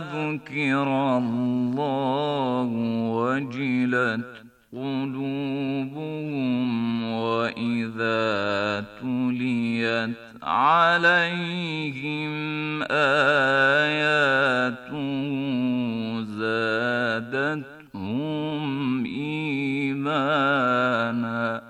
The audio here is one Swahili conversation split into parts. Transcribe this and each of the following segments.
ذكر الله وجلت قلوبهم وإذا تليت عليهم آياته زادتهم إيمانا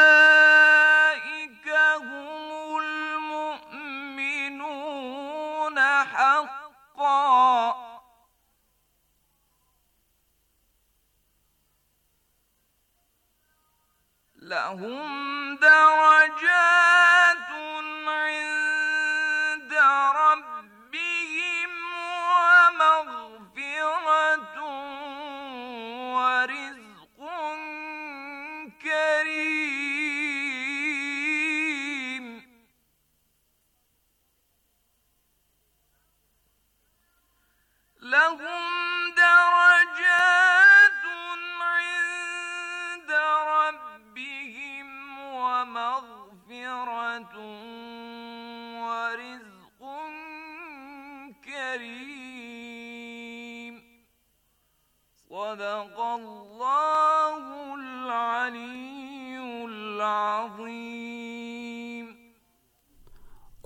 لهم درجات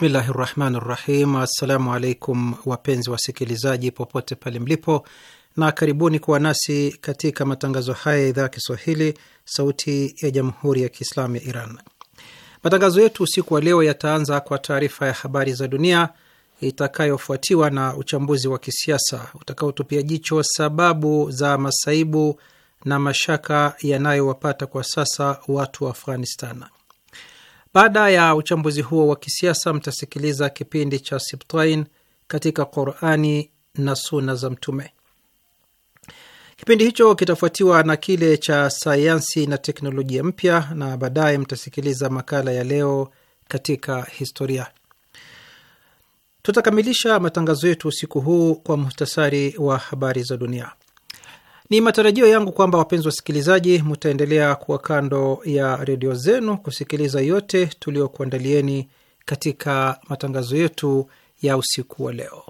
Bismillahi rahmani rahim. Assalamu alaikum wapenzi wasikilizaji popote pale mlipo, na karibuni kuwa nasi katika matangazo haya ya idhaa ya Kiswahili sauti ya jamhuri ya Kiislamu ya Iran. Matangazo yetu usiku wa leo yataanza kwa taarifa ya habari za dunia itakayofuatiwa na uchambuzi wa kisiasa utakaotupia jicho sababu za masaibu na mashaka yanayowapata kwa sasa watu wa Afghanistan. Baada ya uchambuzi huo wa kisiasa, mtasikiliza kipindi cha Sibtain katika Qurani na Suna za Mtume. Kipindi hicho kitafuatiwa na kile cha sayansi na teknolojia mpya, na baadaye mtasikiliza makala ya leo katika historia. Tutakamilisha matangazo yetu usiku huu kwa muhtasari wa habari za dunia. Ni matarajio yangu kwamba wapenzi wasikilizaji, mutaendelea kuwa kando ya redio zenu kusikiliza yote tuliokuandalieni katika matangazo yetu ya usiku wa leo.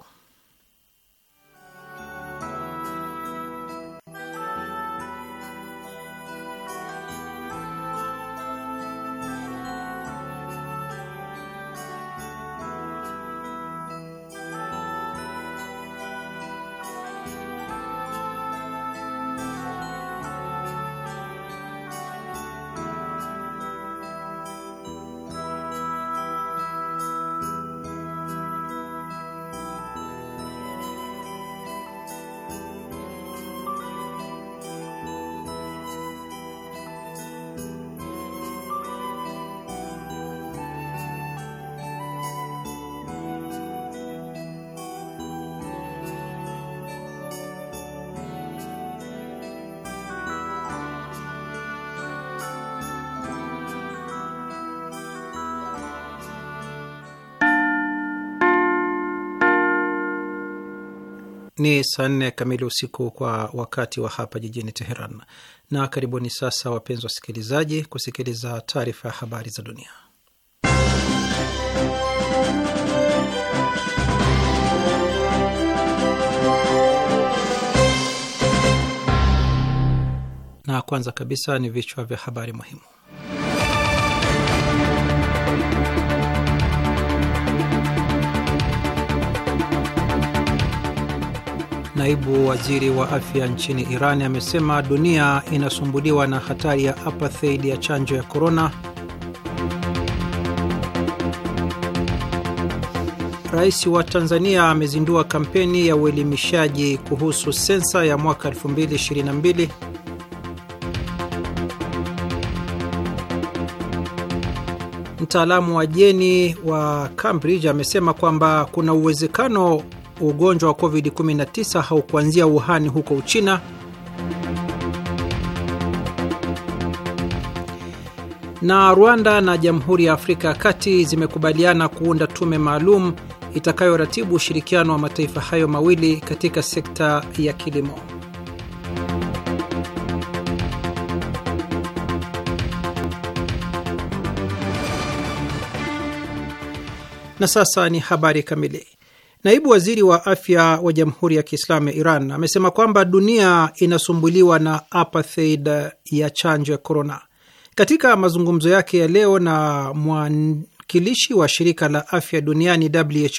saa nne kamili usiku kwa wakati wa hapa jijini Teheran, na karibuni sasa, wapenzi wasikilizaji, kusikiliza taarifa ya habari za dunia. Na kwanza kabisa ni vichwa vya habari muhimu. Naibu waziri wa afya nchini Iran amesema dunia inasumbuliwa na hatari ya apartheid ya chanjo ya korona. Rais wa Tanzania amezindua kampeni ya uelimishaji kuhusu sensa ya mwaka 2022. Mtaalamu wa jeni wa Cambridge amesema kwamba kuna uwezekano ugonjwa wa COVID-19 haukuanzia Wuhan huko Uchina, na Rwanda na Jamhuri ya Afrika ya Kati zimekubaliana kuunda tume maalum itakayoratibu ushirikiano wa mataifa hayo mawili katika sekta ya kilimo. Na sasa ni habari kamili. Naibu waziri wa afya wa Jamhuri ya Kiislamu ya Iran amesema kwamba dunia inasumbuliwa na apartheid ya chanjo ya korona. Katika mazungumzo yake ya leo na mwakilishi wa shirika la afya duniani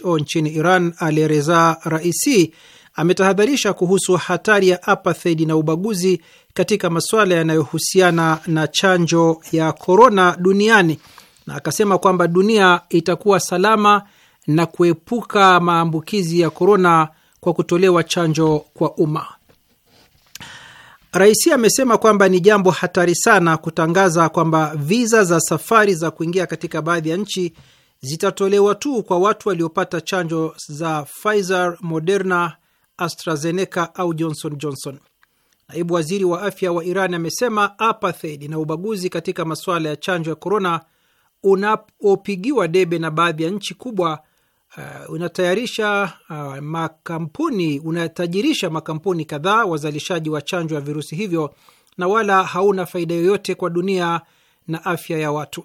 WHO nchini Iran, Alireza Raisi ametahadharisha kuhusu hatari ya apartheid na ubaguzi katika masuala yanayohusiana na chanjo ya korona duniani na akasema kwamba dunia itakuwa salama na kuepuka maambukizi ya korona kwa kutolewa chanjo kwa umma. Rais amesema kwamba ni jambo hatari sana kutangaza kwamba viza za safari za kuingia katika baadhi ya nchi zitatolewa tu kwa watu waliopata chanjo za Pfizer, Moderna, AstraZeneca au Johnson Johnson. Naibu waziri wa afya wa Iran amesema apartheid na ubaguzi katika masuala ya chanjo ya korona unapopigiwa debe na baadhi ya nchi kubwa Uh, unatayarisha uh, makampuni unatajirisha makampuni kadhaa wazalishaji wa chanjo ya virusi hivyo na wala hauna faida yoyote kwa dunia na afya ya watu.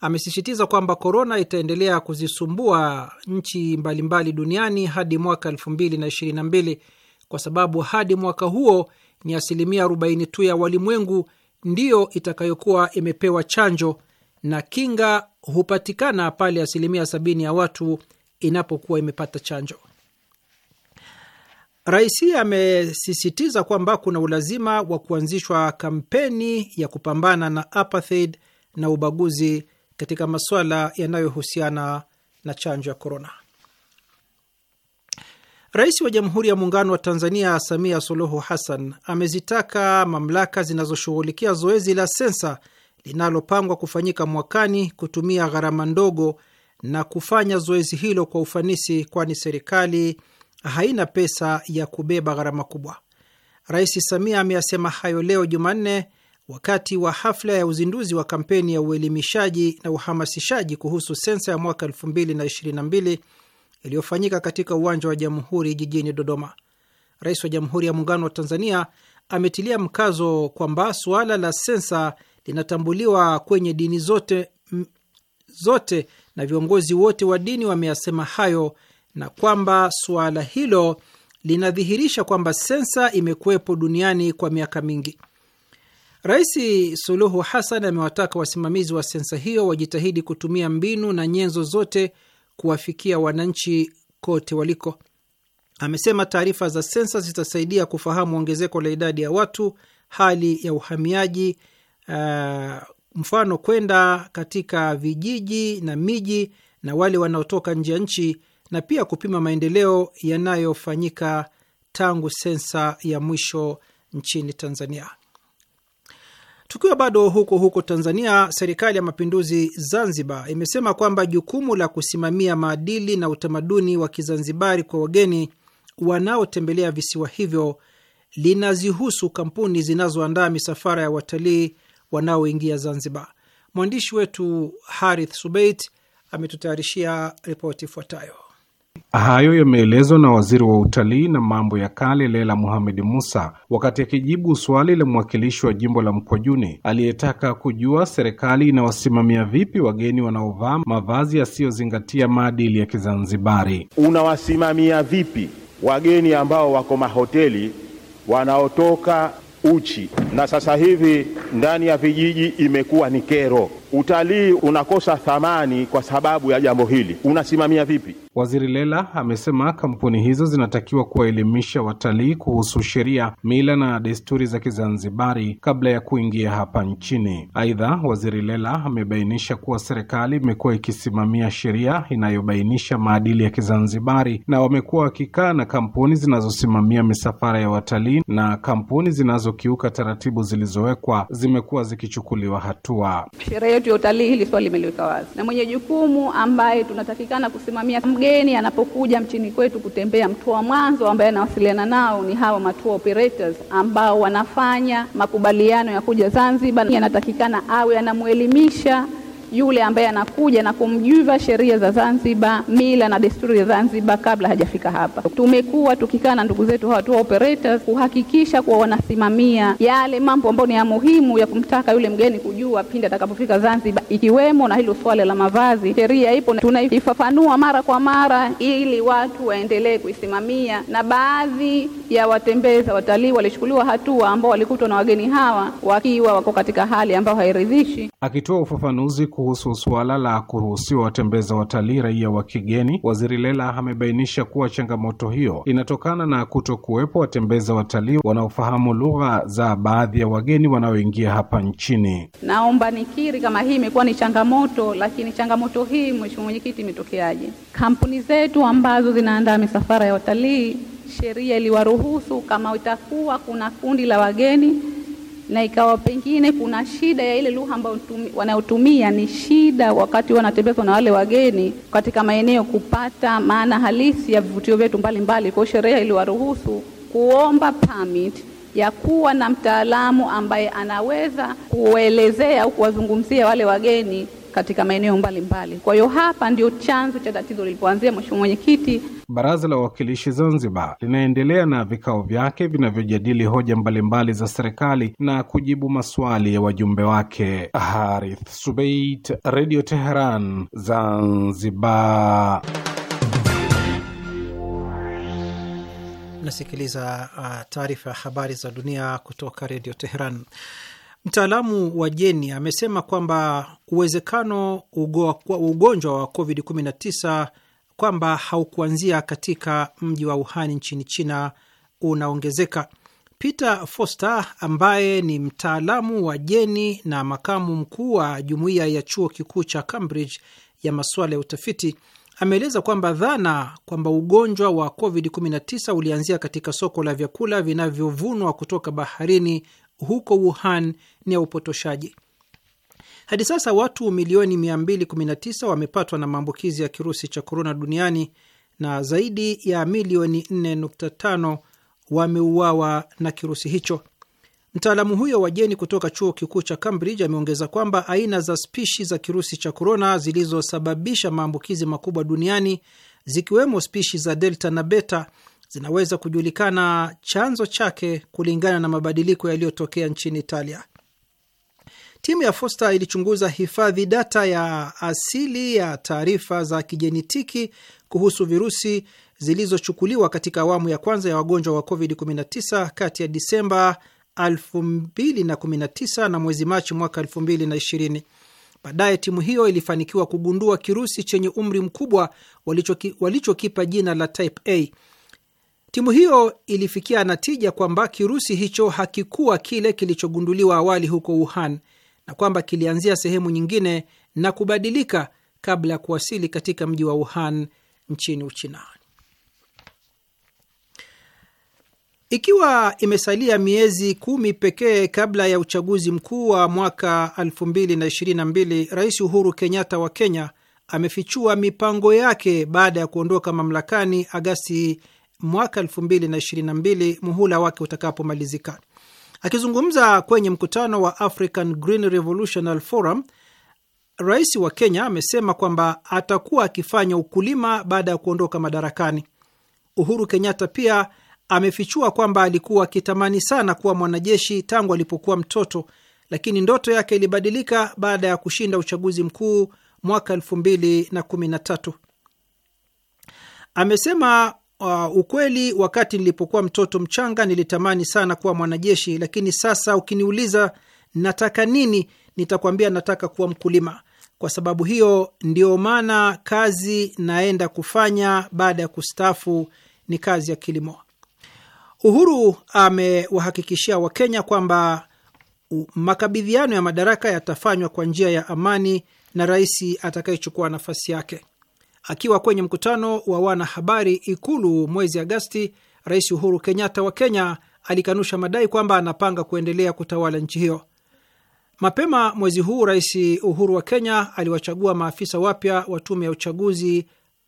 Amesisitiza kwamba korona itaendelea kuzisumbua nchi mbalimbali duniani hadi mwaka elfu mbili na ishirini na mbili kwa sababu hadi mwaka huo ni asilimia arobaini tu ya walimwengu ndiyo itakayokuwa imepewa chanjo na kinga hupatikana pale asilimia sabini ya watu inapokuwa imepata chanjo. Rais amesisitiza kwamba kuna ulazima wa kuanzishwa kampeni ya kupambana na apartheid na ubaguzi katika masuala yanayohusiana na chanjo ya korona. Rais wa Jamhuri ya Muungano wa Tanzania Samia Suluhu Hassan amezitaka mamlaka zinazoshughulikia zoezi la sensa linalopangwa kufanyika mwakani kutumia gharama ndogo na kufanya zoezi hilo kwa ufanisi, kwani serikali haina pesa ya kubeba gharama kubwa. Rais Samia ameyasema hayo leo Jumanne wakati wa hafla ya uzinduzi wa kampeni ya uelimishaji na uhamasishaji kuhusu sensa ya mwaka 2022 iliyofanyika katika uwanja wa Jamhuri jijini Dodoma. Rais wa Jamhuri ya Muungano wa Tanzania ametilia mkazo kwamba suala la sensa linatambuliwa kwenye dini zote, m, zote na viongozi wote wa dini wameyasema hayo na kwamba suala hilo linadhihirisha kwamba sensa imekuwepo duniani kwa miaka mingi. Rais Suluhu Hassan amewataka wasimamizi wa sensa hiyo wajitahidi kutumia mbinu na nyenzo zote kuwafikia wananchi kote waliko. Amesema taarifa za sensa zitasaidia kufahamu ongezeko la idadi ya watu, hali ya uhamiaji, uh, mfano kwenda katika vijiji na miji na wale wanaotoka nje ya nchi, na pia kupima maendeleo yanayofanyika tangu sensa ya mwisho nchini Tanzania. Tukiwa bado huko huko Tanzania, serikali ya mapinduzi Zanzibar imesema kwamba jukumu la kusimamia maadili na utamaduni wa Kizanzibari kwa wageni wanaotembelea visiwa hivyo linazihusu kampuni zinazoandaa misafara ya watalii wanaoingia Zanzibar. Mwandishi wetu Harith Subeit ametutayarishia ripoti ifuatayo. Hayo yameelezwa na waziri wa utalii na mambo ya kale lela Muhamedi Musa wakati akijibu swali la mwakilishi wa jimbo la Mkwajuni aliyetaka kujua serikali inawasimamia vipi wageni wanaovaa mavazi yasiyozingatia maadili ya Kizanzibari. Unawasimamia vipi wageni ambao wako mahoteli wanaotoka uchi, na sasa hivi ndani ya vijiji imekuwa ni kero utalii unakosa thamani kwa sababu ya jambo hili. Unasimamia vipi? Waziri Lela amesema kampuni hizo zinatakiwa kuwaelimisha watalii kuhusu sheria, mila na desturi za Kizanzibari kabla ya kuingia hapa nchini. Aidha, Waziri Lela amebainisha kuwa serikali imekuwa ikisimamia sheria inayobainisha maadili ya Kizanzibari na wamekuwa wakikaa na kampuni zinazosimamia misafara ya watalii, na kampuni zinazokiuka taratibu zilizowekwa zimekuwa zikichukuliwa hatua yetu ya utalii, hili swali limeliweka wazi, na mwenye jukumu ambaye tunatakikana kusimamia mgeni anapokuja mchini kwetu kutembea, mtu wa mwanzo ambaye anawasiliana nao ni hawa matour operators ambao wanafanya makubaliano ya kuja Zanzibar, anatakikana awe anamwelimisha yule ambaye anakuja na kumjuva sheria za Zanzibar, mila na desturi za Zanzibar kabla hajafika hapa. Tumekuwa tukikaa na ndugu zetu hawa tour operators kuhakikisha kuwa wanasimamia yale mambo ambayo ni ya muhimu ya kumtaka yule mgeni kujua pindi atakapofika Zanzibar, ikiwemo na hilo swala la mavazi. Sheria ipo, tunaifafanua mara kwa mara ili watu waendelee kuisimamia, na baadhi ya watembeza watalii walichukuliwa hatua ambao walikutwa na wageni hawa wakiwa wako katika hali ambayo hairidhishi. Akitoa ufafanuzi kuhusu suala la kuruhusiwa watembeza watalii raia wa kigeni, Waziri Lela amebainisha kuwa changamoto hiyo inatokana na kuto kuwepo watembeza watalii wanaofahamu lugha za baadhi ya wageni wanaoingia hapa nchini. Naomba nikiri kama hii imekuwa ni changamoto, lakini changamoto hii, Mheshimiwa Mwenyekiti, imetokeaje? Kampuni zetu ambazo zinaandaa misafara ya watalii, sheria iliwaruhusu kama itakuwa kuna kundi la wageni na ikawa pengine kuna shida ya ile lugha ambayo wanayotumia ni shida, wakati wanatembezwa na wale wageni katika maeneo, kupata maana halisi ya vivutio vyetu mbalimbali. Kwa hiyo sheria iliwaruhusu kuomba permit ya kuwa na mtaalamu ambaye anaweza kuelezea au kuwazungumzia wale wageni katika maeneo mbalimbali. Kwa hiyo hapa ndio chanzo cha tatizo lilipoanzia, Mheshimiwa Mwenyekiti. Baraza la Wawakilishi Zanzibar linaendelea na vikao vyake vinavyojadili hoja mbalimbali za serikali na kujibu maswali ya wajumbe wake. Harith Subeit, Radio Teheran, Zanzibar. Nasikiliza uh, taarifa ya habari za dunia kutoka Redio Teheran. Mtaalamu wa jeni amesema kwamba uwezekano ugonjwa wa COVID-19 kwamba haukuanzia katika mji wa Wuhan nchini China unaongezeka. Peter Foster ambaye ni mtaalamu wa jeni na makamu mkuu wa jumuiya ya chuo kikuu cha Cambridge ya masuala ya utafiti ameeleza kwamba dhana kwamba ugonjwa wa COVID-19 ulianzia katika soko la vyakula vinavyovunwa kutoka baharini huko Wuhan ni ya upotoshaji. Hadi sasa watu milioni 219 wamepatwa na maambukizi ya kirusi cha korona duniani na zaidi ya milioni 4.5 wameuawa na kirusi hicho. Mtaalamu huyo wa jeni kutoka chuo kikuu cha Cambridge ameongeza kwamba aina za spishi za kirusi cha korona zilizosababisha maambukizi makubwa duniani zikiwemo spishi za delta na beta zinaweza kujulikana chanzo chake kulingana na mabadiliko yaliyotokea nchini Italia. Timu ya Foster ilichunguza hifadhi data ya asili ya taarifa za kijenitiki kuhusu virusi zilizochukuliwa katika awamu ya kwanza ya wagonjwa wa COVID-19 kati ya Disemba 2019 na mwezi Machi mwaka 2020. Baadaye timu hiyo ilifanikiwa kugundua kirusi chenye umri mkubwa walichokipa walicho jina la type A Timu hiyo ilifikia natija kwamba kirusi hicho hakikuwa kile kilichogunduliwa awali huko Wuhan na kwamba kilianzia sehemu nyingine na kubadilika kabla ya kuwasili katika mji wa Wuhan nchini Uchina. Ikiwa imesalia miezi kumi pekee kabla ya uchaguzi mkuu wa mwaka 2022, Rais Uhuru Kenyatta wa Kenya amefichua mipango yake baada ya kuondoka mamlakani Agasti mwaka 2022 muhula wake utakapomalizika. Akizungumza kwenye mkutano wa African Green Revolutionary Forum, rais wa Kenya amesema kwamba atakuwa akifanya ukulima baada ya kuondoka madarakani. Uhuru Kenyatta pia amefichua kwamba alikuwa akitamani sana kuwa mwanajeshi tangu alipokuwa mtoto, lakini ndoto yake ilibadilika baada ya kushinda uchaguzi mkuu mwaka 2013. Amesema Uh, ukweli wakati nilipokuwa mtoto mchanga nilitamani sana kuwa mwanajeshi, lakini sasa ukiniuliza nataka nini, nitakwambia nataka kuwa mkulima. Kwa sababu hiyo ndio maana kazi naenda kufanya baada ya kustaafu ni kazi ya kilimo. Uhuru amewahakikishia Wakenya kwamba makabidhiano ya madaraka yatafanywa kwa njia ya amani na rais atakayechukua nafasi yake. Akiwa kwenye mkutano wa wanahabari Ikulu mwezi Agasti, Rais Uhuru Kenyatta wa Kenya alikanusha madai kwamba anapanga kuendelea kutawala nchi hiyo. Mapema mwezi huu, Rais Uhuru wa Kenya aliwachagua maafisa wapya wa tume ya uchaguzi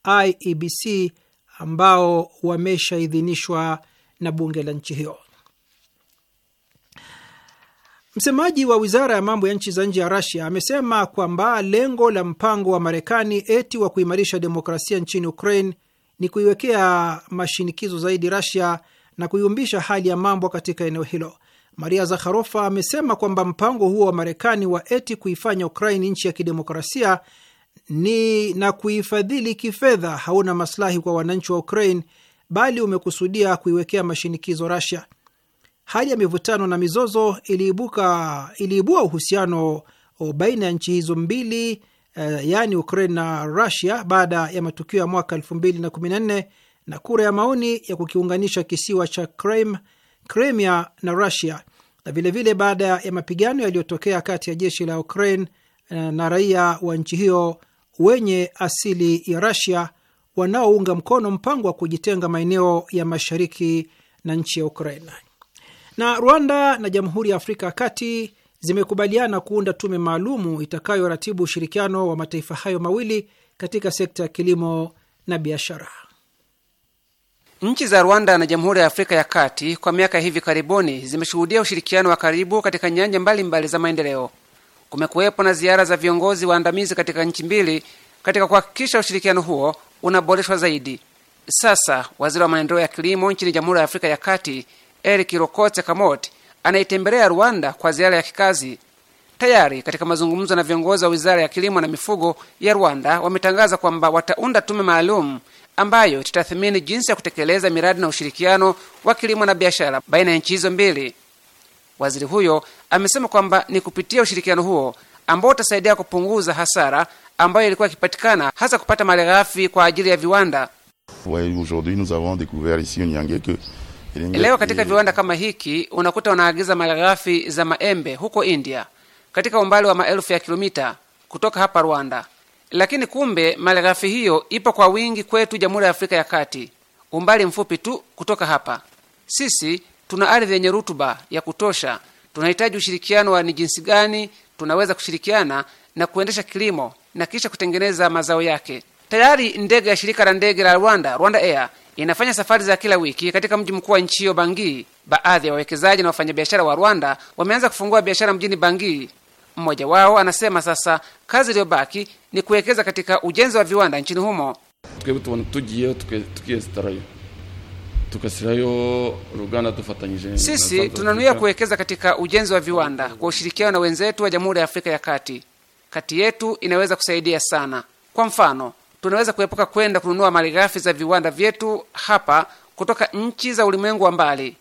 IEBC ambao wameshaidhinishwa na bunge la nchi hiyo. Msemaji wa wizara ya mambo ya nchi za nje ya Rasia amesema kwamba lengo la mpango wa Marekani eti wa kuimarisha demokrasia nchini Ukraine ni kuiwekea mashinikizo zaidi Rasia na kuiumbisha hali ya mambo katika eneo hilo. Maria Zakharova amesema kwamba mpango huo wa Marekani wa eti kuifanya Ukraine nchi ya kidemokrasia ni na kuifadhili kifedha hauna maslahi kwa wananchi wa Ukraine, bali umekusudia kuiwekea mashinikizo Rasia hali ya mivutano na mizozo iliibuka, iliibua uhusiano baina ya nchi hizo mbili eh, yaani Ukraine na Russia baada ya matukio ya mwaka mbili na kura ya maoni ya kukiunganisha kisiwa cha Crimea na Russia na vilevile baada ya mapigano yaliyotokea kati ya jeshi la Ukraine eh, na raia wa nchi hiyo wenye asili ya Russia wanaounga mkono mpango wa kujitenga maeneo ya mashariki na nchi ya Ukraine. Na Rwanda na Jamhuri ya Afrika ya Kati zimekubaliana kuunda tume maalumu itakayoratibu ushirikiano wa mataifa hayo mawili katika sekta ya kilimo na biashara. Nchi za Rwanda na Jamhuri ya Afrika ya Kati kwa miaka hivi karibuni zimeshuhudia ushirikiano wa karibu katika nyanja mbalimbali mbali za maendeleo. Kumekuwepo na ziara za viongozi waandamizi katika nchi mbili katika kuhakikisha ushirikiano huo unaboreshwa zaidi. Sasa waziri wa maendeleo ya kilimo nchini Jamhuri ya Afrika ya Kati Eric Lokote Kamoti anaitembelea Rwanda kwa ziara ya kikazi. Tayari katika mazungumzo na viongozi wa wizara ya kilimo na mifugo ya Rwanda wametangaza kwamba wataunda tume maalum ambayo itatathmini jinsi ya kutekeleza miradi na ushirikiano wa kilimo na biashara baina ya nchi hizo mbili. Waziri huyo amesema kwamba ni kupitia ushirikiano huo ambao utasaidia kupunguza hasara ambayo ilikuwa ikipatikana hasa kupata malighafi kwa ajili ya viwanda. que Leo katika viwanda kama hiki unakuta wanaagiza malighafi za maembe huko India katika umbali wa maelfu ya kilomita kutoka hapa Rwanda, lakini kumbe malighafi hiyo ipo kwa wingi kwetu Jamhuri ya Afrika ya Kati, umbali mfupi tu kutoka hapa. Sisi tuna ardhi yenye rutuba ya kutosha. Tunahitaji ushirikiano wa ni jinsi gani tunaweza kushirikiana na kuendesha kilimo na kisha kutengeneza mazao yake. Tayari ndege ya shirika la ndege la Rwanda, Rwanda Air, inafanya safari za kila wiki katika mji mkuu wa nchi hiyo bangi Baadhi ya wawekezaji na wafanyabiashara wa Rwanda wameanza kufungua biashara mjini bangi Mmoja wao anasema sasa kazi iliyobaki ni kuwekeza katika ujenzi wa viwanda nchini humo. Sisi tunanuia kuwekeza katika ujenzi wa viwanda kwa ushirikiano na wenzetu wa Jamhuri ya Afrika ya Kati. Kati yetu inaweza kusaidia sana. Kwa mfano tunaweza kuepuka kwenda kununua malighafi za viwanda vyetu hapa kutoka nchi za ulimwengu wa mbali.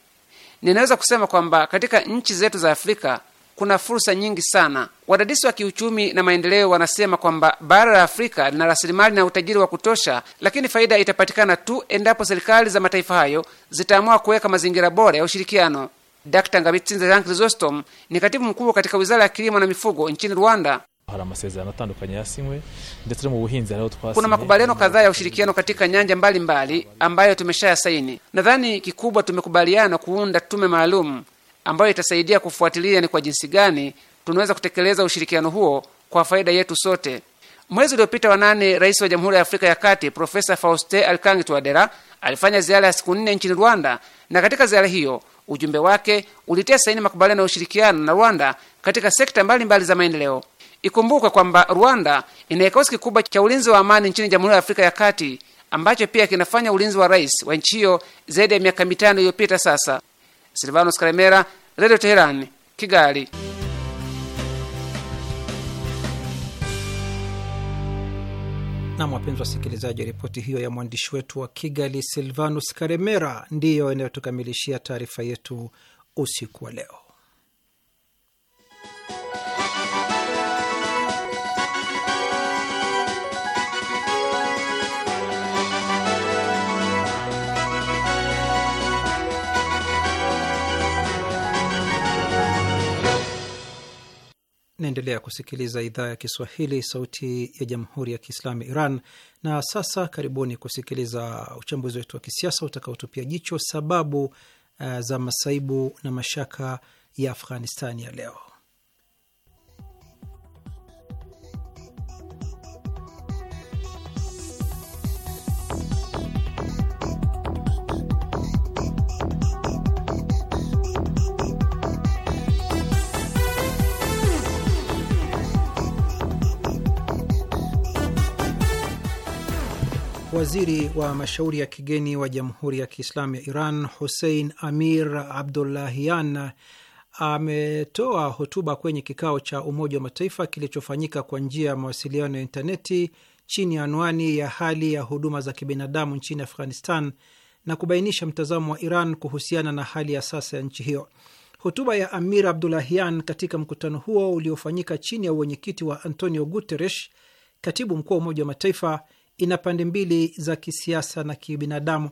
Ninaweza kusema kwamba katika nchi zetu za Afrika kuna fursa nyingi sana. Wadadisi wa kiuchumi na maendeleo wanasema kwamba bara la Afrika lina rasilimali na utajiri wa kutosha, lakini faida itapatikana tu endapo serikali za mataifa hayo zitaamua kuweka mazingira bora ya ushirikiano. d Ngabitsinze Jean Chrysostom ni katibu mkuu katika wizara ya kilimo na mifugo nchini Rwanda. Hari amasezerano atandukanye yasinywe ndetse no mu buhinzi hariho twasinye. Kuna makubaliano kadhaa ya ushirikiano katika nyanja mbalimbali mbali, ambayo tumeshayasaini. Nadhani kikubwa tumekubaliana kuunda tume maalum ambayo itasaidia kufuatilia ni kwa jinsi gani tunaweza kutekeleza ushirikiano huo kwa faida yetu sote. Mwezi uliopita wanane Rais wa Jamhuri ya Afrika ya Kati Profesa fauste Archange twadera alifanya ziara ya siku nne nchini Rwanda, na katika ziara hiyo ujumbe wake ulitia saini makubaliano ya ushirikiano na Rwanda katika sekta mbalimbali mbali za maendeleo. Ikumbukwe kwamba Rwanda ina kikosi kikubwa cha ulinzi wa amani nchini Jamhuri ya Afrika ya Kati ambacho pia kinafanya ulinzi wa rais wa nchi hiyo zaidi ya miaka mitano iliyopita sasa. Silvanos Karemera, Radio teheran Kigali. Nam, wapenzi wasikilizaji, ripoti hiyo ya mwandishi wetu wa Kigali Silvanus Karemera ndiyo inayotukamilishia taarifa yetu usiku wa leo. Naendelea kusikiliza idhaa ya Kiswahili, sauti ya jamhuri ya kiislamu Iran. Na sasa karibuni kusikiliza uchambuzi wetu wa kisiasa utakaotupia jicho sababu uh, za masaibu na mashaka ya Afghanistani ya leo. Waziri wa mashauri ya kigeni wa Jamhuri ya Kiislamu ya Iran Hussein Amir Abdullahian ametoa hotuba kwenye kikao cha Umoja wa Mataifa kilichofanyika kwa njia ya mawasiliano ya intaneti chini ya anwani ya hali ya huduma za kibinadamu nchini Afghanistan na kubainisha mtazamo wa Iran kuhusiana na hali ya sasa ya nchi hiyo. Hotuba ya Amir Abdullahian katika mkutano huo uliofanyika chini ya uwenyekiti wa Antonio Guterres, katibu mkuu wa Umoja wa Mataifa, ina pande mbili za kisiasa na kibinadamu.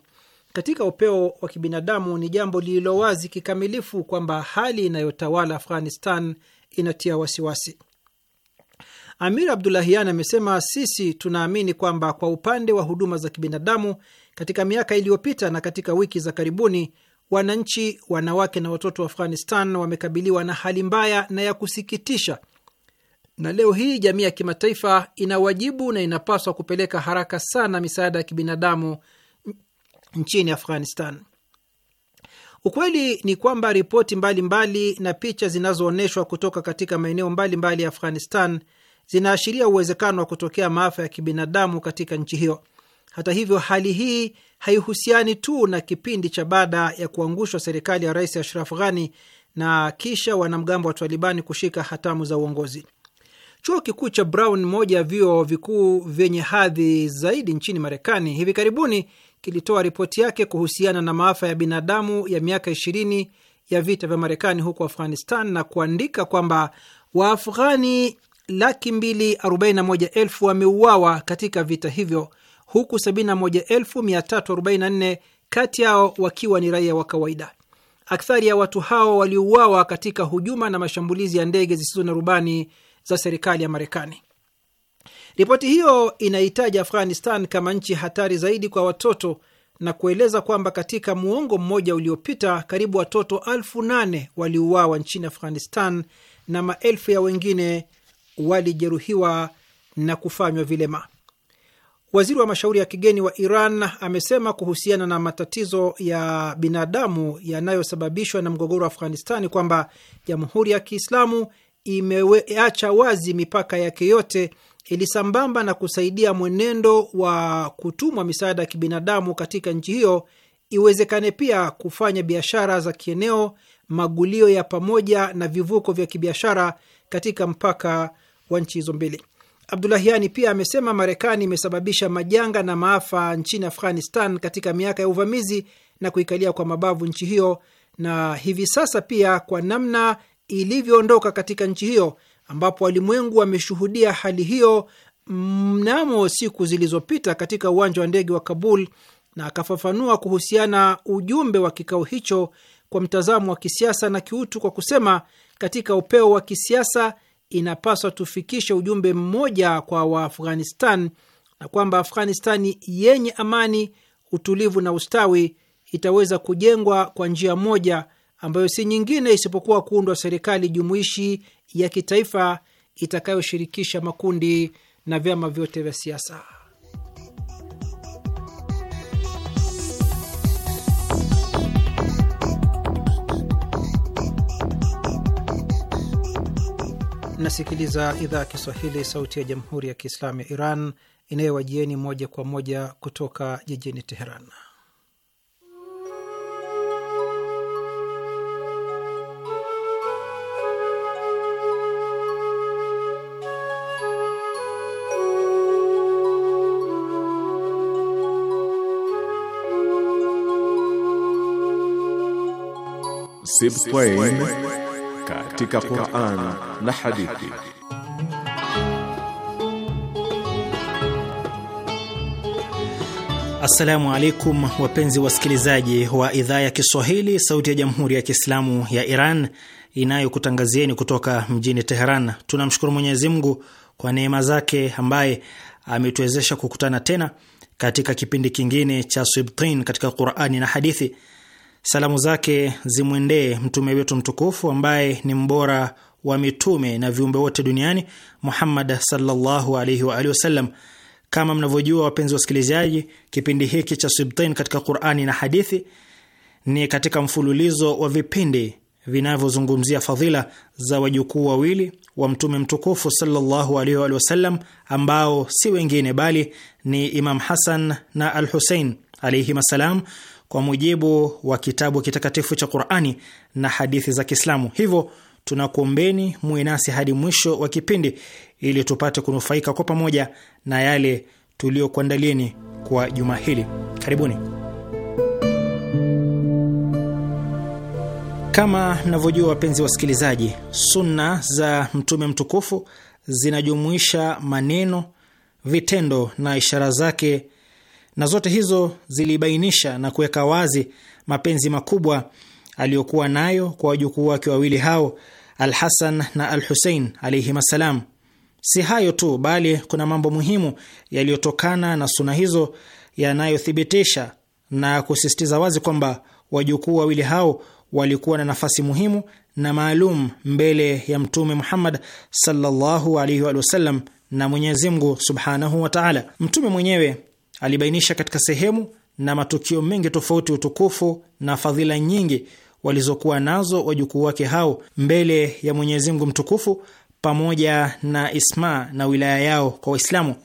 Katika upeo wa kibinadamu, ni jambo lililo wazi kikamilifu kwamba hali inayotawala Afghanistan inatia wasiwasi. Amir Abdulahian amesema, sisi tunaamini kwamba kwa upande wa huduma za kibinadamu, katika miaka iliyopita na katika wiki za karibuni, wananchi, wanawake na watoto wa Afghanistan wamekabiliwa na hali mbaya na ya kusikitisha na leo hii jamii ya kimataifa ina wajibu na inapaswa kupeleka haraka sana misaada ya kibinadamu nchini Afghanistan. Ukweli ni kwamba ripoti mbalimbali na picha zinazoonyeshwa kutoka katika maeneo mbalimbali ya Afghanistan zinaashiria uwezekano wa kutokea maafa ya kibinadamu katika nchi hiyo. Hata hivyo, hali hii haihusiani tu na kipindi cha baada ya kuangushwa serikali ya Rais Ashraf Ghani na kisha wanamgambo wa Talibani kushika hatamu za uongozi. Chuo kikuu cha Brown, moja ya vyuo vikuu vyenye hadhi zaidi nchini Marekani, hivi karibuni kilitoa ripoti yake kuhusiana na maafa ya binadamu ya miaka ishirini ya vita vya Marekani huko Afghanistan na kuandika kwamba Waafghani laki mbili arobaini na moja elfu wameuawa katika vita hivyo huku sabini na moja elfu mia tatu arobaini na nne kati yao wakiwa ni raia wa kawaida. Akthari ya watu hao waliuawa katika hujuma na mashambulizi ya ndege zisizo na rubani za serikali ya Marekani. Ripoti hiyo inaitaja Afghanistan kama nchi hatari zaidi kwa watoto na kueleza kwamba katika muongo mmoja uliopita karibu watoto elfu nane waliuawa nchini Afghanistan na maelfu ya wengine walijeruhiwa na kufanywa vilema. Waziri wa mashauri ya kigeni wa Iran amesema kuhusiana na matatizo ya binadamu yanayosababishwa na mgogoro wa Afghanistani kwamba Jamhuri ya Kiislamu imeacha wazi mipaka yake yote ili sambamba na kusaidia mwenendo wa kutumwa misaada ya kibinadamu katika nchi hiyo, iwezekane pia kufanya biashara za kieneo, magulio ya pamoja na vivuko vya kibiashara katika mpaka wa nchi hizo mbili. Abdulahiani pia amesema Marekani imesababisha majanga na maafa nchini Afghanistan katika miaka ya uvamizi na kuikalia kwa mabavu nchi hiyo, na hivi sasa pia kwa namna ilivyoondoka katika nchi hiyo, ambapo walimwengu wameshuhudia hali hiyo mnamo siku zilizopita katika uwanja wa ndege wa Kabul, na akafafanua kuhusiana ujumbe wa kikao hicho kwa mtazamo wa kisiasa na kiutu kwa kusema, katika upeo wa kisiasa inapaswa tufikishe ujumbe mmoja kwa Waafghanistan na kwamba Afghanistani yenye amani, utulivu na ustawi itaweza kujengwa kwa njia moja ambayo si nyingine isipokuwa kuundwa serikali jumuishi ya kitaifa itakayoshirikisha makundi na vyama vyote vya siasa. Nasikiliza idhaa ya Kiswahili, sauti ya jamhuri ya kiislamu ya Iran inayowajieni moja kwa moja kutoka jijini Teheran. Sibtain katika Qur'an na hadithi. Assalamu alaikum wapenzi wasikilizaji wa idhaa ya Kiswahili sauti ya Jamhuri ya Kiislamu ya Iran inayokutangazieni kutoka mjini Teheran. Tunamshukuru Mwenyezi Mungu kwa neema zake ambaye ametuwezesha kukutana tena katika kipindi kingine cha Sibtain katika Qur'ani na hadithi. Salamu zake zimwendee mtume wetu mtukufu ambaye ni mbora wa mitume na viumbe wote duniani Muhammad sallallahu alaihi wa alihi wasallam. Kama mnavyojua, wapenzi wasikilizaji, kipindi hiki cha Sibtain katika Qurani na hadithi ni katika mfululizo wa vipindi vinavyozungumzia fadhila za wajukuu wawili wa mtume mtukufu sallallahu alaihi wa alihi wasallam ambao si wengine bali ni Imam Hasan na al Husein alaihim assalam kwa mujibu wa kitabu kitakatifu cha Qur'ani na hadithi za Kiislamu. Hivyo tunakuombeni muwe nasi hadi mwisho wa kipindi ili tupate kunufaika kwa pamoja na yale tuliyokuandalieni kwa juma hili. Karibuni. Kama mnavyojua wapenzi wasikilizaji, sunna za mtume mtukufu zinajumuisha maneno, vitendo na ishara zake na zote hizo zilibainisha na kuweka wazi mapenzi makubwa aliyokuwa nayo kwa wajukuu wake wawili hao Al Hasan na Al Husein alaihim assalam. Si hayo tu, bali kuna mambo muhimu yaliyotokana na suna hizo yanayothibitisha na kusisitiza wazi kwamba wajukuu wawili hao walikuwa na nafasi muhimu na maalum mbele ya Mtume Muhammad sallallahu alaihi wa sallam na Mwenyezi Mungu subhanahu wa taala. Mtume mwenyewe alibainisha katika sehemu na matukio mengi tofauti utukufu na fadhila nyingi walizokuwa nazo wajukuu wake hao mbele ya Mwenyezi Mungu mtukufu pamoja na isma na wilaya yao kwa Waislamu.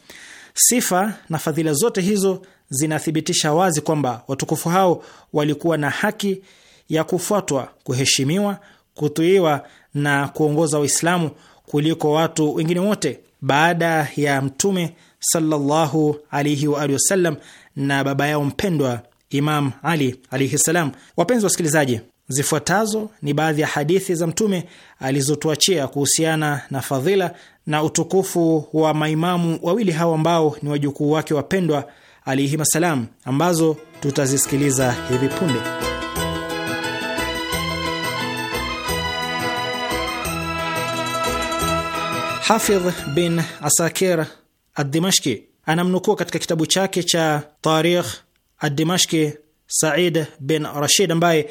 Sifa na fadhila zote hizo zinathibitisha wazi kwamba watukufu hao walikuwa na haki ya kufuatwa, kuheshimiwa, kutuiwa na kuongoza Waislamu kuliko watu wengine wote baada ya Mtume sallallahu alaihi wa alihi wasallam na baba yao mpendwa Imam Ali alaihi salam. Wapenzi wasikilizaji, zifuatazo ni baadhi ya hadithi za Mtume alizotuachia kuhusiana na fadhila na utukufu wa maimamu wawili hawa ambao ni wajukuu wake wapendwa alaihim assalam, ambazo tutazisikiliza hivi punde. Hafidh bin Asakir Adimashki anamnukuu katika kitabu chake cha Tarikh Adimashki Said bin Rashid ambaye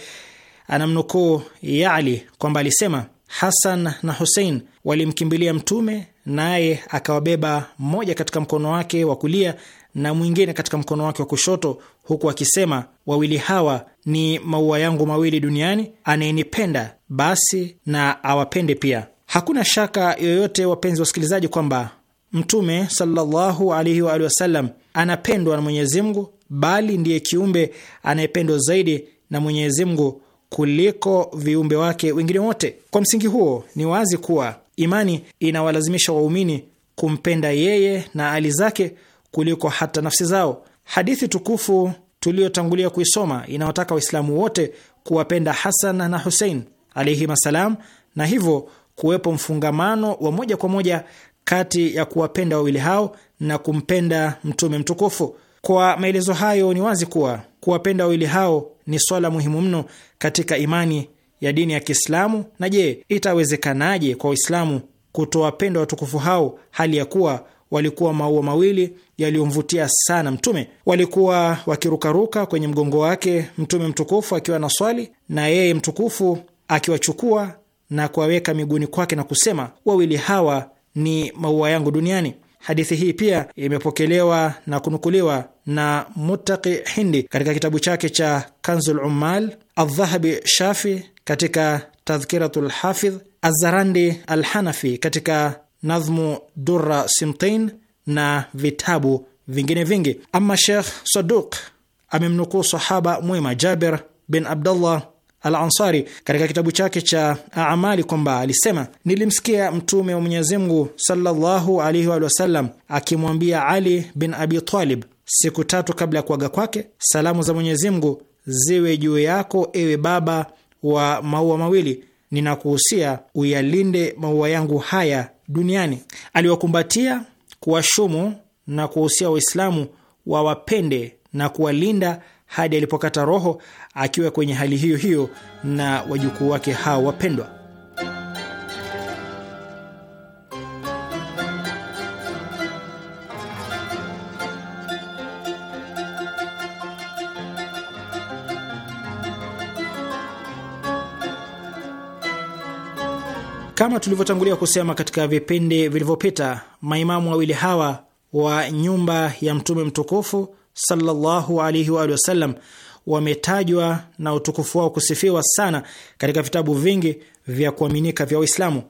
anamnukuu Yali kwamba alisema Hasan na Husein walimkimbilia Mtume, naye akawabeba mmoja katika mkono wake wa kulia na mwingine katika mkono wake wa kushoto, huku akisema, wawili hawa ni maua yangu mawili duniani, anayenipenda basi na awapende pia. Hakuna shaka yoyote, wapenzi wasikilizaji, kwamba Mtume sallallahu alaihi wa alihi wasallam anapendwa na Mwenyezi Mungu, bali ndiye kiumbe anayependwa zaidi na Mwenyezi Mungu kuliko viumbe wake wengine wote. Kwa msingi huo, ni wazi kuwa imani inawalazimisha waumini kumpenda yeye na ali zake kuliko hata nafsi zao. Hadithi tukufu tuliyotangulia kuisoma inawataka Waislamu wote kuwapenda Hasan na Husein alaihim assalam, na hivyo kuwepo mfungamano wa moja kwa moja kati ya kuwapenda wawili hao na kumpenda mtume mtukufu. Kwa maelezo hayo, ni wazi kuwa kuwapenda wawili hao ni swala muhimu mno katika imani ya dini ya Kiislamu. Na je, itawezekanaje kwa Waislamu kutowapenda watukufu hao hali ya kuwa walikuwa maua mawili yaliyomvutia sana Mtume. Walikuwa wakirukaruka kwenye mgongo wake Mtume mtukufu akiwa na swali, na yeye mtukufu akiwachukua na kuwaweka miguuni kwake na kusema, wawili hawa ni maua yangu duniani. Hadithi hii pia imepokelewa na kunukuliwa na Mutaki Hindi katika kitabu chake cha Kanzul Ummal, Aldhahabi Shafi katika Tadhkiratu Lhafidh, Azarandi Alhanafi katika Nadhmu dura simtin na vitabu vingine vingi. Ama Shekh Saduq amemnukuu sahaba mwema Jabir bin Abdullah Al Ansari katika kitabu chake cha Amali kwamba alisema, nilimsikia Mtume wa Mwenyezi Mungu sallallahu alaihi wa sallam akimwambia Ali bin Abi Talib siku tatu kabla ya kuaga kwake, salamu za Mwenyezi Mungu ziwe juu yako, ewe baba wa maua mawili, ninakuhusia uyalinde maua yangu haya duniani. Aliwakumbatia, kuwashumu na kuwahusia Waislamu wawapende na kuwalinda hadi alipokata roho akiwa kwenye hali hiyo hiyo na wajukuu wake hao wapendwa. Kama tulivyotangulia kusema katika vipindi vilivyopita, maimamu wawili hawa wa nyumba ya Mtume mtukufu sallallahu alaihi wa alihi wasallam wametajwa na utukufu wao kusifiwa sana katika vitabu vingi vya kuaminika vya Uislamu.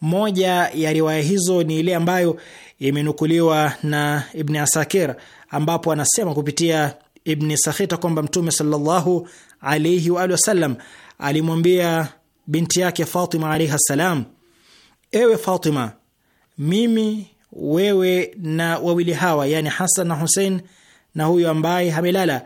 Moja ya riwaya hizo ni ile ambayo imenukuliwa na Ibni Asakir, ambapo anasema kupitia Ibni Sakhita kwamba Mtume sallallahu alaihi wa alihi wasallam alimwambia binti yake Fatima alaihi salam, ewe Fatima, mimi wewe na wawili hawa, yani Hasan na Husein na huyo ambaye amelala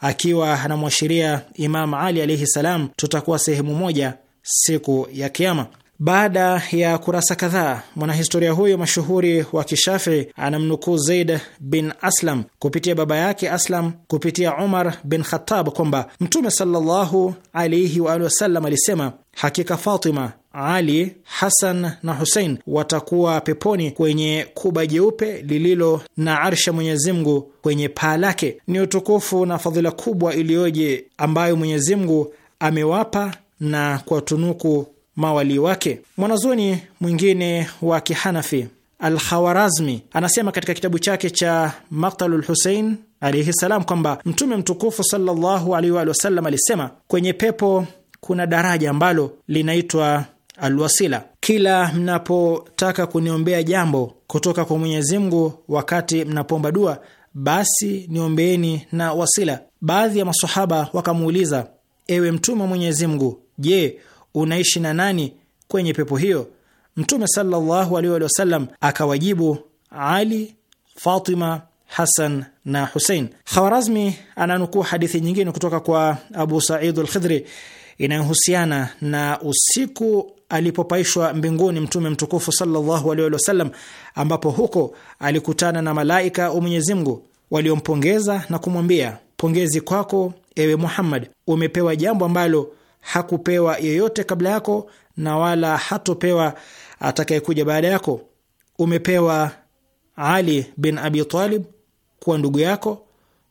akiwa anamwashiria Imam Ali alaihi salam, tutakuwa sehemu moja siku ya Kiama. Baada ya kurasa kadhaa, mwanahistoria huyo mashuhuri wa kishafii anamnukuu Zaid bin Aslam kupitia baba yake Aslam kupitia Umar bin Khattab kwamba Mtume sallallahu alaihi waalihi wasallam alisema, hakika Fatima ali, Hasan na Husein watakuwa peponi kwenye kuba jeupe lililo na arsha Mwenyezi Mungu kwenye paa lake. Ni utukufu na fadhila kubwa iliyoje ambayo Mwenyezi Mungu amewapa na kuwatunuku mawalii wake. Mwanazuoni mwingine wa Kihanafi alkhawarazmi anasema katika kitabu chake cha Maktalu Lhusein alaihi ssalam kwamba Mtume mtukufu sallallahu alaihi wa sallam alisema, kwenye pepo kuna daraja ambalo linaitwa alwasila. Kila mnapotaka kuniombea jambo kutoka kwa Mwenyezi Mungu wakati mnapomba dua, basi niombeeni na wasila. Baadhi ya masahaba wakamuuliza, ewe Mtume wa Mwenyezi Mungu, je, unaishi na nani kwenye pepo hiyo? Mtume sallallahu alaihi wasallam akawajibu, Ali, Fatima, Hasan na Husein. Khawarazmi ananukuu hadithi nyingine kutoka kwa Abu Said al-Khidri inayohusiana na usiku alipopaishwa mbinguni Mtume mtukufu sallallahu alaihi wasallam, ambapo huko alikutana na malaika wa Mwenyezi Mungu waliompongeza na kumwambia, pongezi kwako ewe Muhammad, umepewa jambo ambalo hakupewa yeyote kabla yako na wala hatopewa atakayekuja baada yako. Umepewa Ali bin Abi Talib kuwa ndugu yako,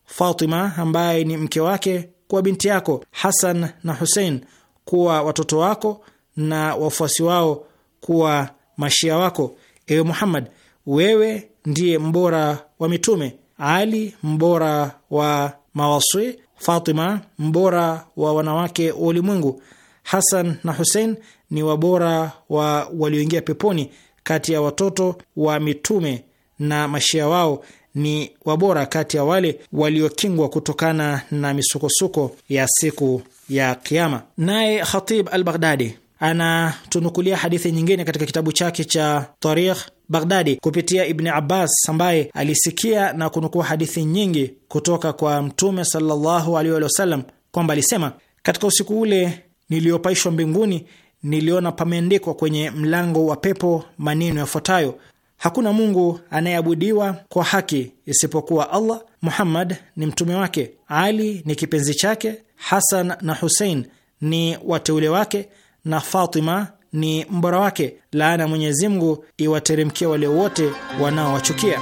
Fatima ambaye ni mke wake kuwa binti yako, Hasan na Husein kuwa watoto wako na wafuasi wao kuwa mashia wako. Ewe Muhammad, wewe ndiye mbora wa mitume, Ali mbora wa mawaswi, Fatima mbora wa wanawake wa ulimwengu, Hasan na Husein ni wabora wa walioingia peponi kati ya watoto wa mitume na mashia wao ni wabora kati ya wale waliokingwa kutokana na misukosuko ya siku ya Kiama. Naye Khatib al-Baghdadi anatunukulia hadithi nyingine katika kitabu chake cha Tarikh Baghdadi kupitia Ibni Abbas ambaye alisikia na kunukua hadithi nyingi kutoka kwa Mtume sallallahu alaihi kwamba alisema, katika usiku ule niliyopaishwa mbinguni niliona pameandikwa kwenye mlango wa pepo maneno yafuatayo: hakuna Mungu anayeabudiwa kwa haki isipokuwa Allah, Muhammad ni mtume wake, Ali ni kipenzi chake, Hasan na Husein ni wateule wake na Fatima ni mbora wake. Laana ya Mwenyezi Mungu iwateremkie wale wote wanaowachukia.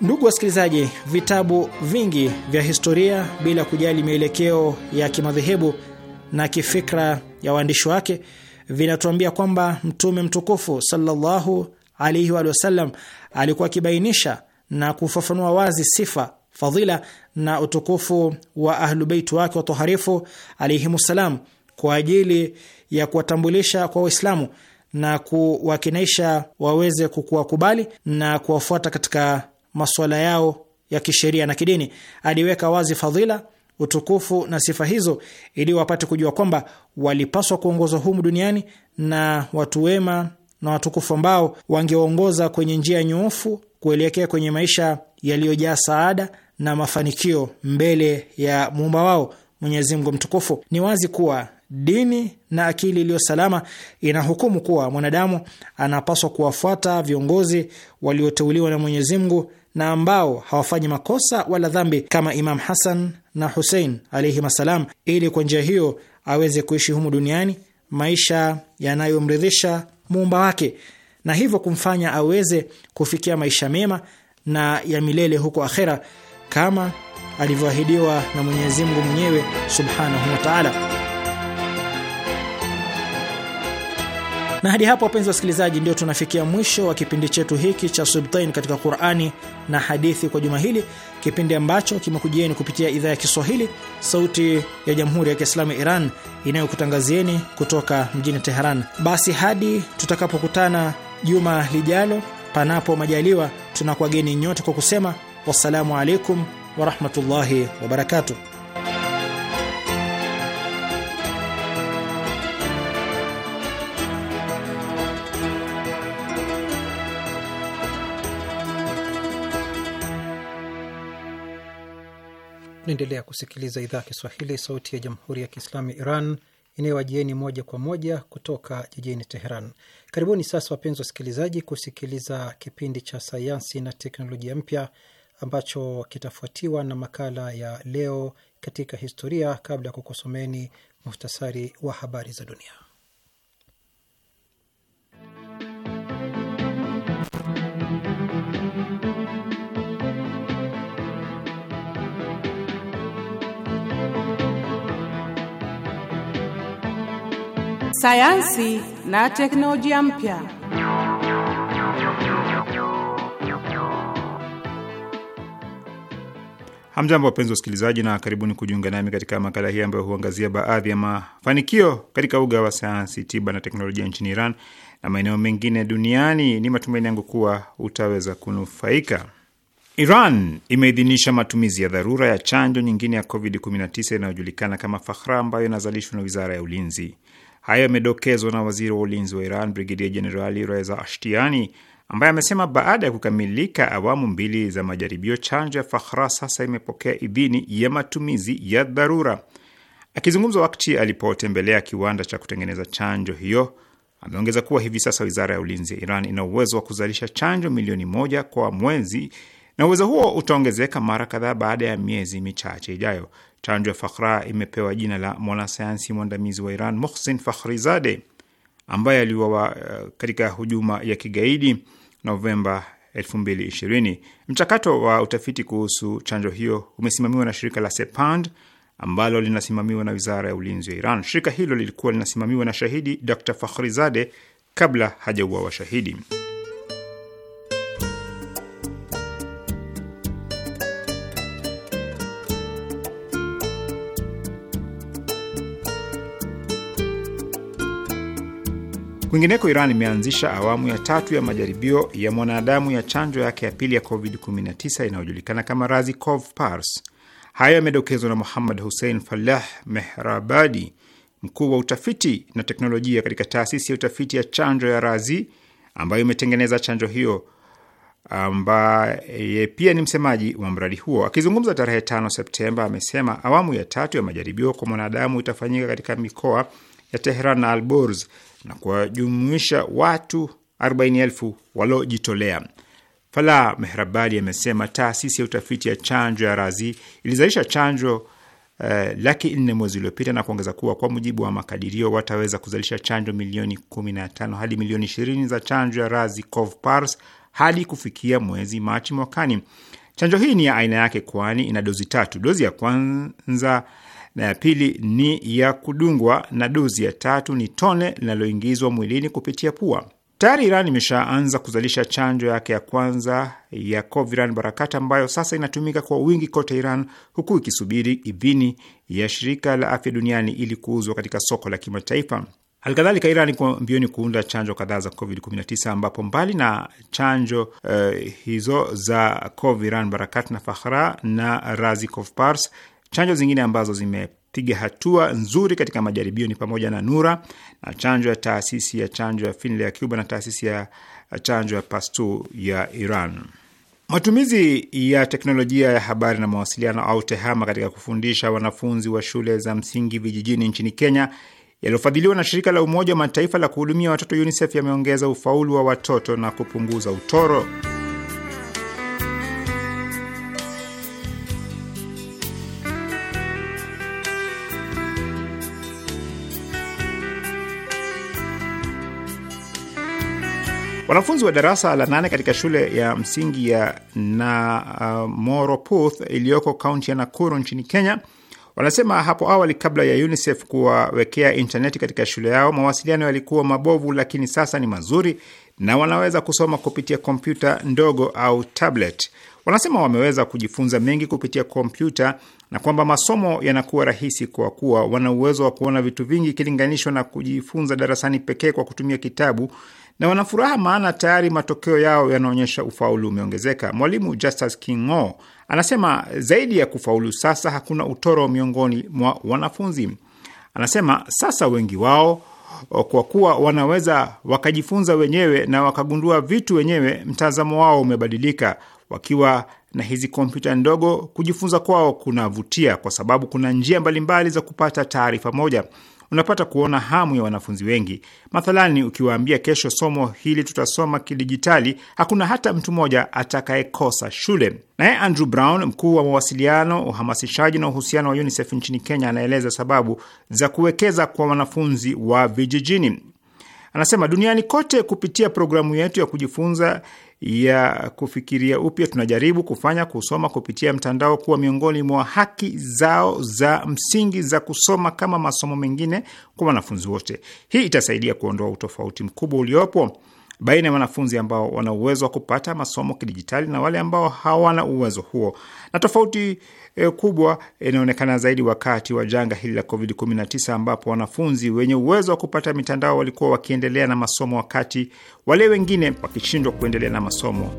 Ndugu wasikilizaji, vitabu vingi vya historia bila kujali mielekeo ya kimadhehebu na kifikra ya waandishi wake vinatuambia kwamba Mtume mtukufu sallallahu alaihi wa sallam alikuwa akibainisha na kufafanua wazi sifa, fadhila na utukufu wa ahlubeiti wake watoharifu alaihimussalam kwa ajili ya kuwatambulisha kwa Waislamu na kuwakinaisha waweze kukuwakubali na kuwafuata katika masuala yao ya kisheria na kidini. Aliweka wazi fadhila, utukufu na sifa hizo ili wapate kujua kwamba walipaswa kuongozwa humu duniani na watu wema na watukufu ambao wangewaongoza kwenye njia nyoofu kuelekea kwenye maisha yaliyojaa saada na mafanikio mbele ya muumba wao Mwenyezi Mungu mtukufu. Ni wazi kuwa dini na akili iliyo salama inahukumu kuwa mwanadamu anapaswa kuwafuata viongozi walioteuliwa na Mwenyezi Mungu na ambao hawafanyi makosa wala dhambi kama Imam Hasan na Husein alaihim assalam, ili kwa njia hiyo aweze kuishi humu duniani maisha yanayomridhisha muumba wake na hivyo kumfanya aweze kufikia maisha mema na ya milele huko akhera kama alivyoahidiwa na Mwenyezi Mungu mwenyewe subhanahu wa taala. Na hadi hapo, wapenzi wasikilizaji, ndio tunafikia mwisho wa kipindi chetu hiki cha Sibtain katika Qurani na hadithi kwa juma hili kipindi ambacho kimekujieni kupitia idhaa ya Kiswahili sauti ya Jamhuri ya Kiislamu ya Iran inayokutangazieni kutoka mjini Teheran. Basi hadi tutakapokutana juma lijalo, panapo majaliwa, tunakuwageni nyote kwa kusema wassalamu alaikum warahmatullahi wabarakatuh. Naendelea kusikiliza idhaa Kiswahili, sauti ya jamhuri ya kiislamu ya Iran inayowajieni moja kwa moja kutoka jijini Teheran. Karibuni sasa, wapenzi wasikilizaji, kusikiliza kipindi cha sayansi na teknolojia mpya ambacho kitafuatiwa na makala ya leo katika historia, kabla ya kukusomeni muhtasari wa habari za dunia. sayansi na teknolojia mpya. Hamjambo, wapenzi wasikilizaji, na karibuni kujiunga nami katika makala hii ambayo huangazia baadhi ya mafanikio katika uga wa sayansi, tiba na teknolojia nchini Iran na maeneo mengine duniani. Ni matumaini yangu kuwa utaweza kunufaika. Iran imeidhinisha matumizi ya dharura ya chanjo nyingine ya COVID-19 inayojulikana kama Fakhra ambayo inazalishwa na Wizara ya Ulinzi. Hayo yamedokezwa na waziri wa ulinzi wa Iran, Brigedia Jenerali Reza Ashtiani, ambaye amesema baada ya kukamilika awamu mbili za majaribio, chanjo ya Fakhra sasa imepokea idhini ya matumizi ya dharura. Akizungumza wakati alipotembelea kiwanda cha kutengeneza chanjo hiyo, ameongeza kuwa hivi sasa wizara ya ulinzi ya Iran ina uwezo wa kuzalisha chanjo milioni moja kwa mwezi na uwezo huo utaongezeka mara kadhaa baada ya miezi michache ijayo. Chanjo ya Fakhra imepewa jina la mwanasayansi mwandamizi wa Iran Mohsin Fakhrizade ambaye aliuawa uh, katika hujuma ya kigaidi Novemba 2020. Mchakato wa utafiti kuhusu chanjo hiyo umesimamiwa na shirika la Sepand ambalo linasimamiwa na wizara ya ulinzi wa Iran. Shirika hilo lilikuwa linasimamiwa na shahidi Dr Fakhrizade kabla hajauawa shahidi. Kwingineko, Iran imeanzisha awamu ya tatu ya majaribio ya mwanadamu ya chanjo yake ya pili ya COVID-19 inayojulikana kama Razi Cov Pars. Hayo yamedokezwa na Muhammad Hussein Falah Mehrabadi, mkuu wa utafiti na teknolojia katika taasisi ya utafiti ya chanjo ya Razi ambayo imetengeneza chanjo hiyo, ambaye pia ni msemaji wa mradi huo. Akizungumza tarehe 5 Septemba, amesema awamu ya tatu ya majaribio kwa mwanadamu itafanyika katika mikoa ya Tehran na Alborz na kuwajumuisha watu 40,000 waliojitolea. Fala Mehrabadi amesema taasisi ya utafiti ya chanjo ya Razi ilizalisha chanjo Uh, laki nne mwezi uliopita na kuongeza kuwa kwa mujibu wa makadirio wataweza kuzalisha chanjo milioni 15 hadi milioni 20 za chanjo ya Razi Covpars hadi kufikia mwezi Machi mwakani. Chanjo hii ni ya aina yake, kwani ina dozi tatu. Dozi ya kwanza na ya pili ni ya kudungwa na dozi ya tatu ni tone linaloingizwa mwilini kupitia pua. Tayari Iran imeshaanza kuzalisha chanjo yake ya kwanza ya Coviran Barakata ambayo sasa inatumika kwa wingi kote Iran, huku ikisubiri idhini ya shirika la afya duniani ili kuuzwa katika soko la kimataifa. Halikadhalika, Iran iko mbioni kuunda chanjo kadhaa za COVID-19 ambapo mbali na chanjo uh, hizo za Coviran Barakat na Fakhra na Razi Chanjo zingine ambazo zimepiga hatua nzuri katika majaribio ni pamoja na Nura na chanjo ya taasisi ya chanjo ya Finlay ya Cuba na taasisi ya chanjo ya Pasteur ya Iran. Matumizi ya teknolojia ya habari na mawasiliano au TEHAMA katika kufundisha wanafunzi wa shule za msingi vijijini nchini Kenya yaliyofadhiliwa na shirika la Umoja wa Mataifa la kuhudumia watoto UNICEF yameongeza ufaulu wa watoto na kupunguza utoro. Wanafunzi wa darasa la nane katika shule ya msingi ya na uh, iliyoko kaunti ya Nakuru nchini Kenya wanasema hapo awali, kabla ya UNICEF kuwawekea intaneti katika shule yao, mawasiliano yalikuwa mabovu, lakini sasa ni mazuri na wanaweza kusoma kupitia kompyuta ndogo au tablet. Wanasema wameweza kujifunza mengi kupitia kompyuta na kwamba masomo yanakuwa rahisi kwa kuwa wana uwezo wa kuona vitu vingi ikilinganishwa na kujifunza darasani pekee kwa kutumia kitabu na wanafuraha maana tayari matokeo yao yanaonyesha ufaulu umeongezeka. Mwalimu Justus Kingo anasema zaidi ya kufaulu, sasa hakuna utoro miongoni mwa wanafunzi. Anasema sasa wengi wao kwa kuwa wanaweza wakajifunza wenyewe na wakagundua vitu wenyewe, mtazamo wao umebadilika. Wakiwa na hizi kompyuta ndogo, kujifunza kwao kunavutia kwa sababu kuna njia mbalimbali za kupata taarifa moja unapata kuona hamu ya wanafunzi wengi. Mathalani, ukiwaambia kesho somo hili tutasoma kidijitali, hakuna hata mtu mmoja atakayekosa shule. Naye Andrew Brown, mkuu wa mawasiliano, uhamasishaji na uhusiano wa UNICEF nchini Kenya, anaeleza sababu za kuwekeza kwa wanafunzi wa vijijini. Anasema duniani kote, kupitia programu yetu ya kujifunza ya kufikiria upya, tunajaribu kufanya kusoma kupitia mtandao kuwa miongoni mwa haki zao za msingi za kusoma kama masomo mengine kwa wanafunzi wote. Hii itasaidia kuondoa utofauti mkubwa uliopo baina ya wanafunzi ambao wana uwezo wa kupata masomo kidijitali na wale ambao hawana uwezo huo, na tofauti e, kubwa inaonekana zaidi wakati wa janga hili la COVID-19 ambapo wanafunzi wenye uwezo wa kupata mitandao walikuwa wakiendelea na masomo wakati wale wengine wakishindwa kuendelea na masomo.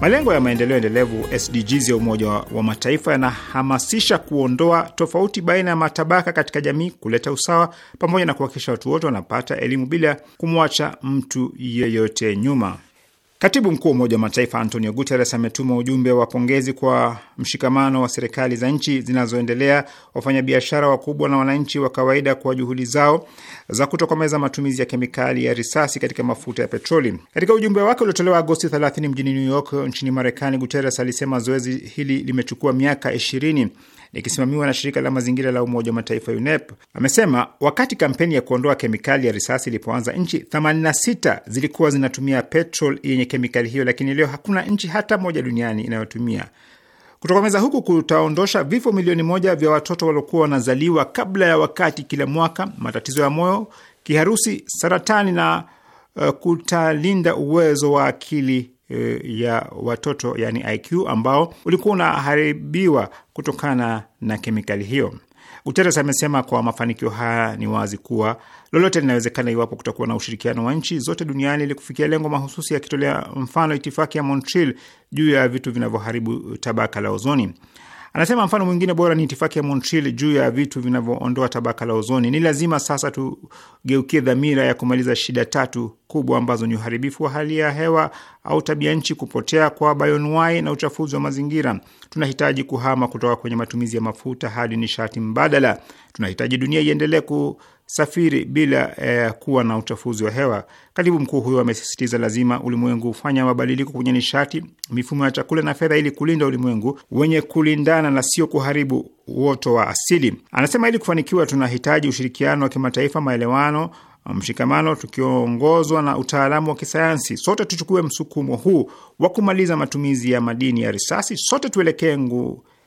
Malengo ya maendeleo endelevu SDGs ya Umoja wa Mataifa yanahamasisha kuondoa tofauti baina ya matabaka katika jamii, kuleta usawa, pamoja na kuhakikisha watu wote wanapata elimu bila kumwacha mtu yeyote nyuma. Katibu mkuu wa Umoja wa Mataifa Antonio Guterres ametuma ujumbe wa pongezi kwa mshikamano wa serikali za nchi zinazoendelea, wafanyabiashara wakubwa na wananchi wa kawaida kwa juhudi zao za kutokomeza matumizi ya kemikali ya risasi katika mafuta ya petroli. Katika ujumbe wake uliotolewa Agosti 30 mjini New York nchini Marekani, Guterres alisema zoezi hili limechukua miaka 20 likisimamiwa na shirika la mazingira la Umoja wa Mataifa UNEP, amesema wakati kampeni ya kuondoa kemikali ya risasi ilipoanza, nchi 86 zilikuwa zinatumia petrol yenye kemikali hiyo, lakini leo hakuna nchi hata moja duniani inayotumia. Kutokomeza huku kutaondosha vifo milioni moja vya watoto waliokuwa wanazaliwa kabla ya wakati kila mwaka, matatizo ya moyo, kiharusi, saratani na uh, kutalinda uwezo wa akili Eh, ya watoto yani IQ ambao ulikuwa unaharibiwa kutokana na kemikali hiyo. Guterres amesema kwa mafanikio haya ni wazi kuwa lolote linawezekana iwapo kutakuwa na ushirikiano wa nchi zote duniani ili kufikia lengo mahususi, yakitolea mfano itifaki ya Montreal juu ya vitu vinavyoharibu tabaka la ozoni. Anasema mfano mwingine bora ni itifaki ya Montreal juu ya vitu vinavyoondoa tabaka la ozoni. Ni lazima sasa tugeukie dhamira ya kumaliza shida tatu kubwa ambazo ni uharibifu wa hali ya hewa au tabia nchi, kupotea kwa bayonwai na uchafuzi wa mazingira. Tunahitaji kuhama kutoka kwenye matumizi ya mafuta hadi nishati mbadala. Tunahitaji dunia iendelee ku safiri bila ya eh, kuwa na uchafuzi wa hewa. Katibu mkuu huyo amesisitiza lazima ulimwengu hufanya mabadiliko kwenye nishati, mifumo ya chakula na fedha ili kulinda ulimwengu wenye kulindana na sio kuharibu uoto wa asili. Anasema ili kufanikiwa, tunahitaji ushirikiano wa kimataifa, maelewano, mshikamano, tukiongozwa na utaalamu wa kisayansi. Sote tuchukue msukumo huu wa kumaliza matumizi ya madini ya risasi. Sote tuelekee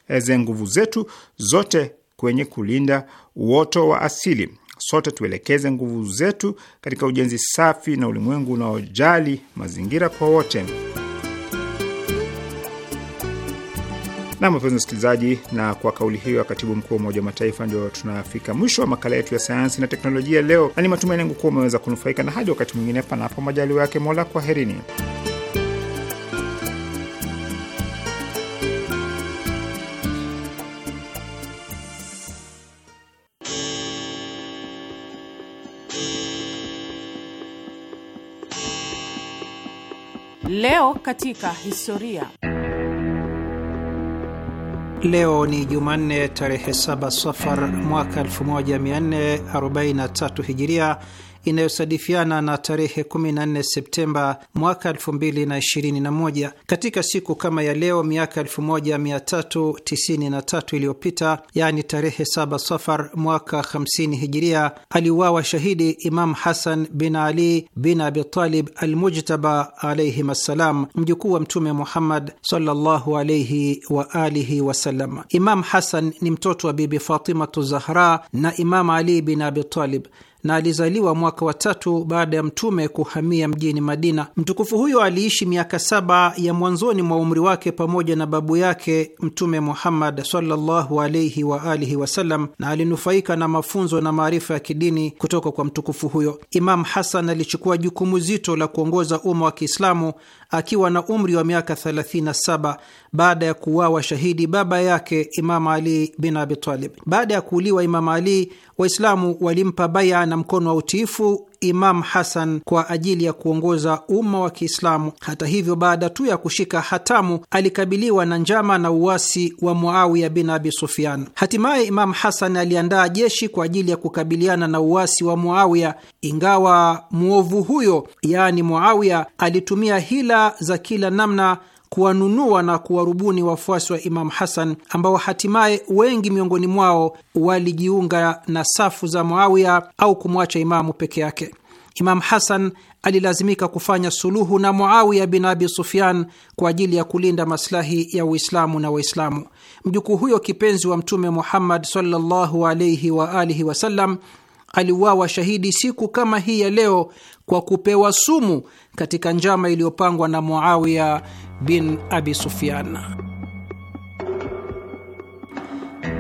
eh, nguvu zetu zote kwenye kulinda uoto wa asili sote tuelekeze nguvu zetu katika ujenzi safi na ulimwengu unaojali mazingira kwa wote. na wapenzi wasikilizaji, na kwa kauli hiyo ya katibu mkuu wa Umoja wa Mataifa, ndio tunafika mwisho wa makala yetu ya sayansi na teknolojia leo, na ni matumaini yangu kuwa umeweza kunufaika. Na hadi wakati mwingine, panapo majaliwa yake Mola, kwaherini. Leo katika historia. Leo ni Jumanne tarehe 7 Safar mwaka 1443 Hijiria inayosadifiana na tarehe 14 Septemba mwaka 2021. Katika siku kama ya leo miaka 1393 iliyopita, yani tarehe 7 Safar mwaka 50 Hijiria, aliuawa shahidi Imam Hasan bin Ali bin Abitalib Almujtaba alaihim assalam, mjukuu wa Mtume Muhammad sallallahu alaihi wa alihi wasallam. Imam Hasan ni mtoto wa Bibi Fatimatu Zahra na Imam Ali bin Abitalib na alizaliwa mwaka wa tatu baada ya mtume kuhamia mjini Madina. Mtukufu huyo aliishi miaka saba ya mwanzoni mwa umri wake pamoja na babu yake Mtume Muhammad sallallahu alaihi wa alihi wasallam, na alinufaika na mafunzo na maarifa ya kidini kutoka kwa mtukufu huyo. Imam Hasan alichukua jukumu zito la kuongoza umma wa Kiislamu akiwa na umri wa miaka 37 baada ya kuuawa shahidi baba yake Imam Ali bin Abi Talib. Baada ya kuuliwa Imam Ali, Waislamu walimpa bayan na mkono wa utiifu Imam Hasan kwa ajili ya kuongoza umma wa Kiislamu. Hata hivyo, baada tu ya kushika hatamu alikabiliwa na njama na uasi wa Muawiya bin Abi Sufyan. Hatimaye Imam Hasan aliandaa jeshi kwa ajili ya kukabiliana na uasi wa Muawiya, ingawa mwovu huyo, yaani Muawiya, alitumia hila za kila namna kuwanunua na kuwarubuni wafuasi wa Imamu Hasan ambao hatimaye wengi miongoni mwao walijiunga na safu za Muawiya au kumwacha Imamu peke yake. Imamu Hasan alilazimika kufanya suluhu na Muawiya bin Abi Sufyan kwa ajili ya kulinda maslahi ya Uislamu na Waislamu. Mjukuu huyo kipenzi wa Mtume Muhammad sallallahu alaihi wa alihi wasallam aliuawa shahidi siku kama hii ya leo kwa kupewa sumu katika njama iliyopangwa na Muawiya bin Abi Sufyan.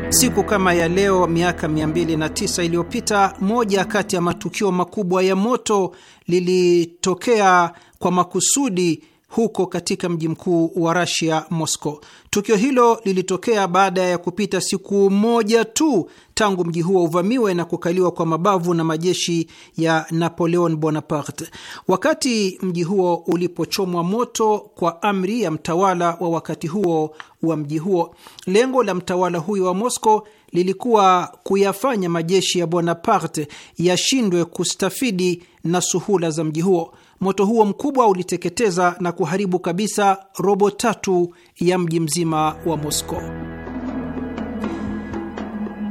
Siku kama ya leo miaka 209 iliyopita, moja kati ya matukio makubwa ya moto lilitokea kwa makusudi huko katika mji mkuu wa Russia Moscow. Tukio hilo lilitokea baada ya kupita siku moja tu tangu mji huo uvamiwe na kukaliwa kwa mabavu na majeshi ya Napoleon Bonaparte. Wakati mji huo ulipochomwa moto kwa amri ya mtawala wa wakati huo wa mji huo, lengo la mtawala huyo wa Moscow lilikuwa kuyafanya majeshi ya Bonaparte yashindwe kustafidi na suhula za mji huo moto huo mkubwa uliteketeza na kuharibu kabisa robo tatu ya mji mzima wa Moscow.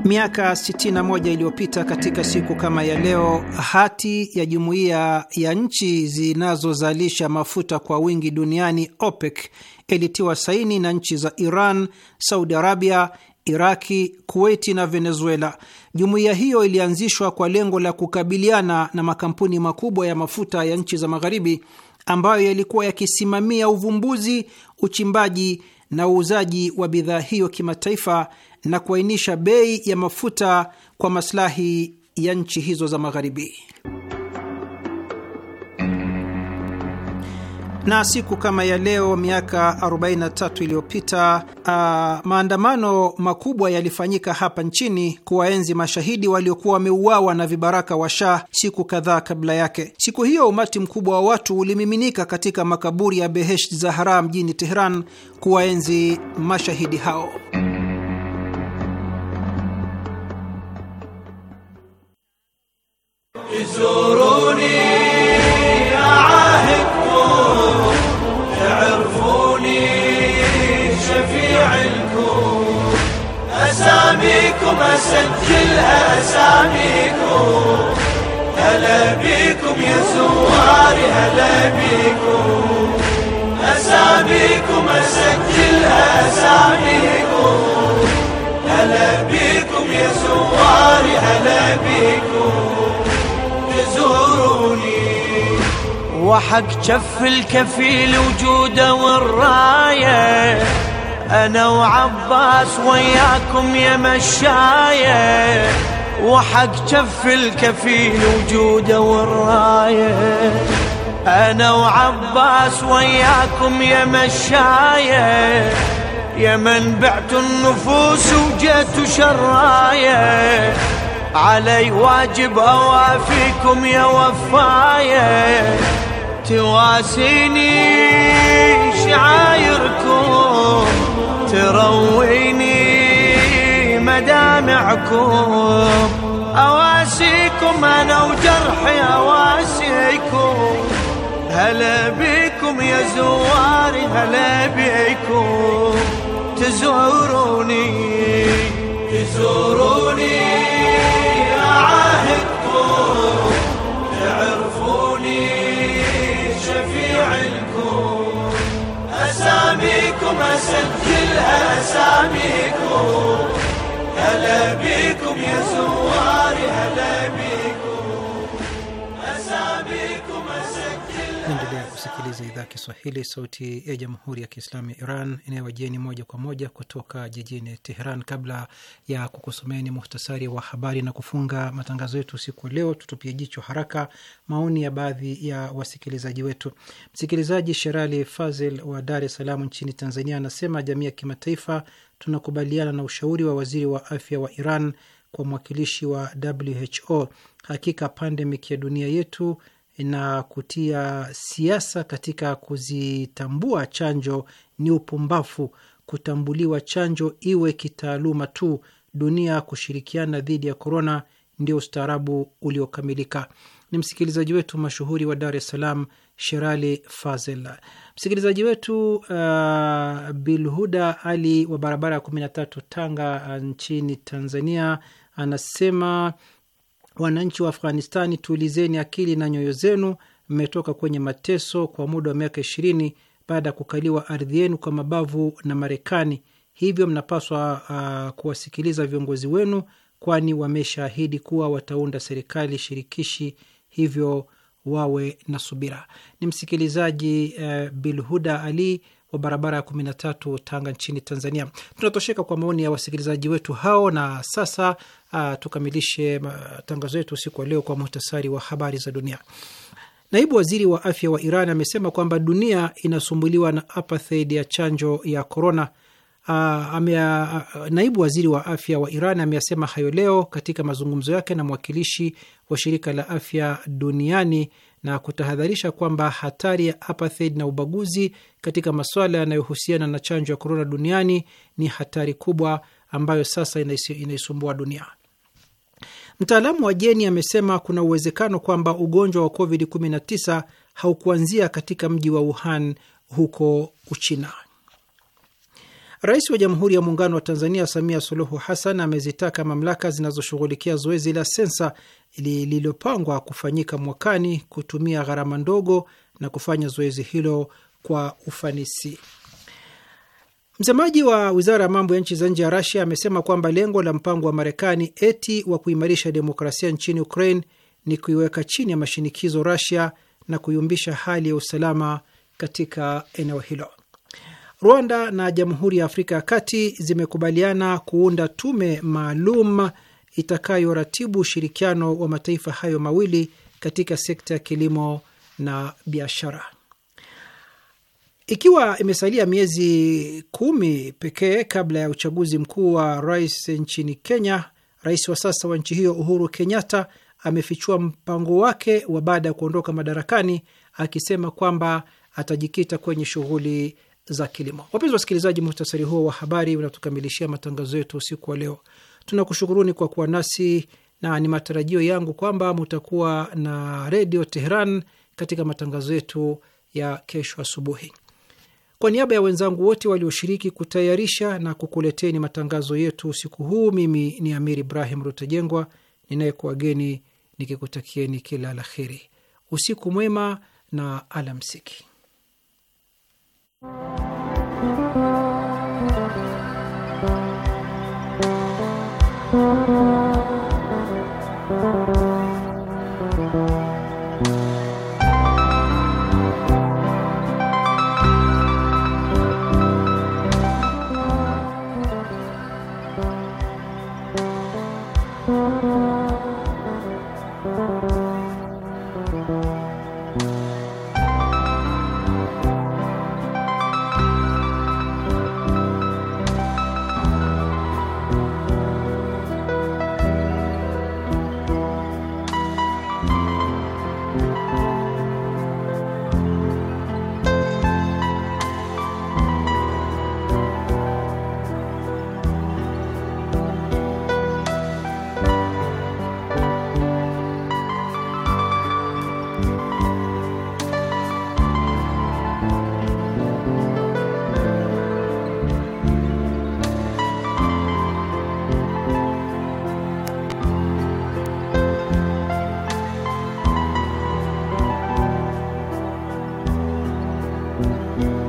Miaka 61 iliyopita katika siku kama ya leo, hati ya jumuiya ya nchi zinazozalisha mafuta kwa wingi duniani OPEC ilitiwa saini na nchi za Iran, Saudi Arabia, Iraki, Kuweti na Venezuela. Jumuiya hiyo ilianzishwa kwa lengo la kukabiliana na makampuni makubwa ya mafuta ya nchi za Magharibi ambayo yalikuwa yakisimamia uvumbuzi, uchimbaji na uuzaji wa bidhaa hiyo kimataifa na kuainisha bei ya mafuta kwa maslahi ya nchi hizo za Magharibi. Na siku kama ya leo miaka 43 iliyopita ah, maandamano makubwa yalifanyika hapa nchini kuwaenzi mashahidi waliokuwa wameuawa na vibaraka wa Shah siku kadhaa kabla yake. Siku hiyo umati mkubwa wa watu ulimiminika katika makaburi ya Behesht Zahra mjini Tehran kuwaenzi mashahidi hao. أساميكم أسجلها أساميكم هلا بيكم يا زواري هلا بيكم أساميكم أسجلها أساميكم هلا بيكم يا زواري هلا بيكم تزوروني وحق كف الكفيل وجوده والرايه أنا وعباس وياكم يا مشاية وحق جف الكفيل وجوده والراية أنا وعباس وياكم يا مشاية يا من بعت النفوس وجيت شراية علي واجب أوافيكم يا وفاية تواسيني شعايركم ترويني مدامعكم أواسيكم أنا وجرحي أواسيكم هلا بيكم يا زواري هلا بيكم تزوروني تزوروني أعاهدكم تعرفوني أساميكم أسجل كلها هلا بيكم يا زواري هلا بيكم matangazo idhaa ya Kiswahili, sauti ya jamhuri ya kiislamu ya Iran inayowajieni moja kwa moja kutoka jijini Teheran. Kabla ya kukusomeni muhtasari wa habari na kufunga matangazo yetu usiku wa leo, tutupie jicho haraka maoni ya baadhi ya wasikilizaji wetu. Msikilizaji Sherali Fazil wa Dar es Salaam nchini Tanzania anasema, jamii ya kimataifa, tunakubaliana na ushauri wa waziri wa afya wa Iran kwa mwakilishi wa WHO. Hakika pandemiki ya dunia yetu na kutia siasa katika kuzitambua chanjo ni upumbafu. Kutambuliwa chanjo iwe kitaaluma tu, dunia kushirikiana dhidi ya korona ndio ustaarabu uliokamilika. Ni msikilizaji wetu mashuhuri wa Dar es Salaam, Sherali Fazel. Msikilizaji wetu uh, Bilhuda Ali wa barabara ya kumi na tatu, Tanga uh, nchini Tanzania, anasema Wananchi wa Afghanistani, tuulizeni akili na nyoyo zenu. Mmetoka kwenye mateso kwa muda wa miaka ishirini baada ya kukaliwa ardhi yenu kwa mabavu na Marekani, hivyo mnapaswa uh, kuwasikiliza viongozi wenu, kwani wameshaahidi kuwa wataunda serikali shirikishi, hivyo wawe na subira. Ni msikilizaji uh, Bilhuda Ali wa barabara ya tatu Tanga nchini Tanzania. Tunatosheka kwa maoni ya wasikilizaji wetu hao, na sasa uh, tukamilishe matangazo yetu usiku wa leo kwa muhtasari wa habari za dunia. Naibu waziri wa afya wa Iran amesema kwamba dunia inasumbuliwa na apartheid ya chanjo ya korona. Uh, uh, naibu waziri wa afya wa Iran ameyasema hayo leo katika mazungumzo yake na mwakilishi wa shirika la afya duniani na kutahadharisha kwamba hatari ya apartheid na ubaguzi katika masuala yanayohusiana na chanjo ya korona duniani ni hatari kubwa ambayo sasa inaisumbua dunia. Mtaalamu wa jeni amesema kuna uwezekano kwamba ugonjwa wa COVID-19 haukuanzia katika mji wa Wuhan huko Uchina. Rais wa Jamhuri ya Muungano wa Tanzania Samia Suluhu Hassan amezitaka mamlaka zinazoshughulikia zoezi la sensa lililopangwa kufanyika mwakani kutumia gharama ndogo na kufanya zoezi hilo kwa ufanisi. Msemaji wa wizara ya mambo ya nchi za nje ya Rasia amesema kwamba lengo la mpango wa Marekani eti wa kuimarisha demokrasia nchini Ukraine ni kuiweka chini ya mashinikizo Rasia na kuyumbisha hali ya usalama katika eneo hilo. Rwanda na Jamhuri ya Afrika ya Kati zimekubaliana kuunda tume maalum itakayoratibu ushirikiano wa mataifa hayo mawili katika sekta ya kilimo na biashara. Ikiwa imesalia miezi kumi pekee kabla ya uchaguzi mkuu wa rais nchini Kenya, rais wa sasa wa nchi hiyo Uhuru Kenyatta amefichua mpango wake wa baada ya kuondoka madarakani, akisema kwamba atajikita kwenye shughuli za kilimo. Wapenzi wasikilizaji, muhtasari huo wa habari unatukamilishia matangazo yetu usiku wa leo. Tunakushukuruni kwa kuwa nasi na ni matarajio yangu kwamba mutakuwa na Redio Teheran katika matangazo yetu ya kesho asubuhi. Kwa niaba ya wenzangu wote walioshiriki kutayarisha na kukuleteni matangazo yetu usiku huu, mimi ni Amir Ibrahim Rutajengwa ninayekuwageni nikikutakieni kila la heri, usiku mwema na alamsiki. Thank you. Thank you.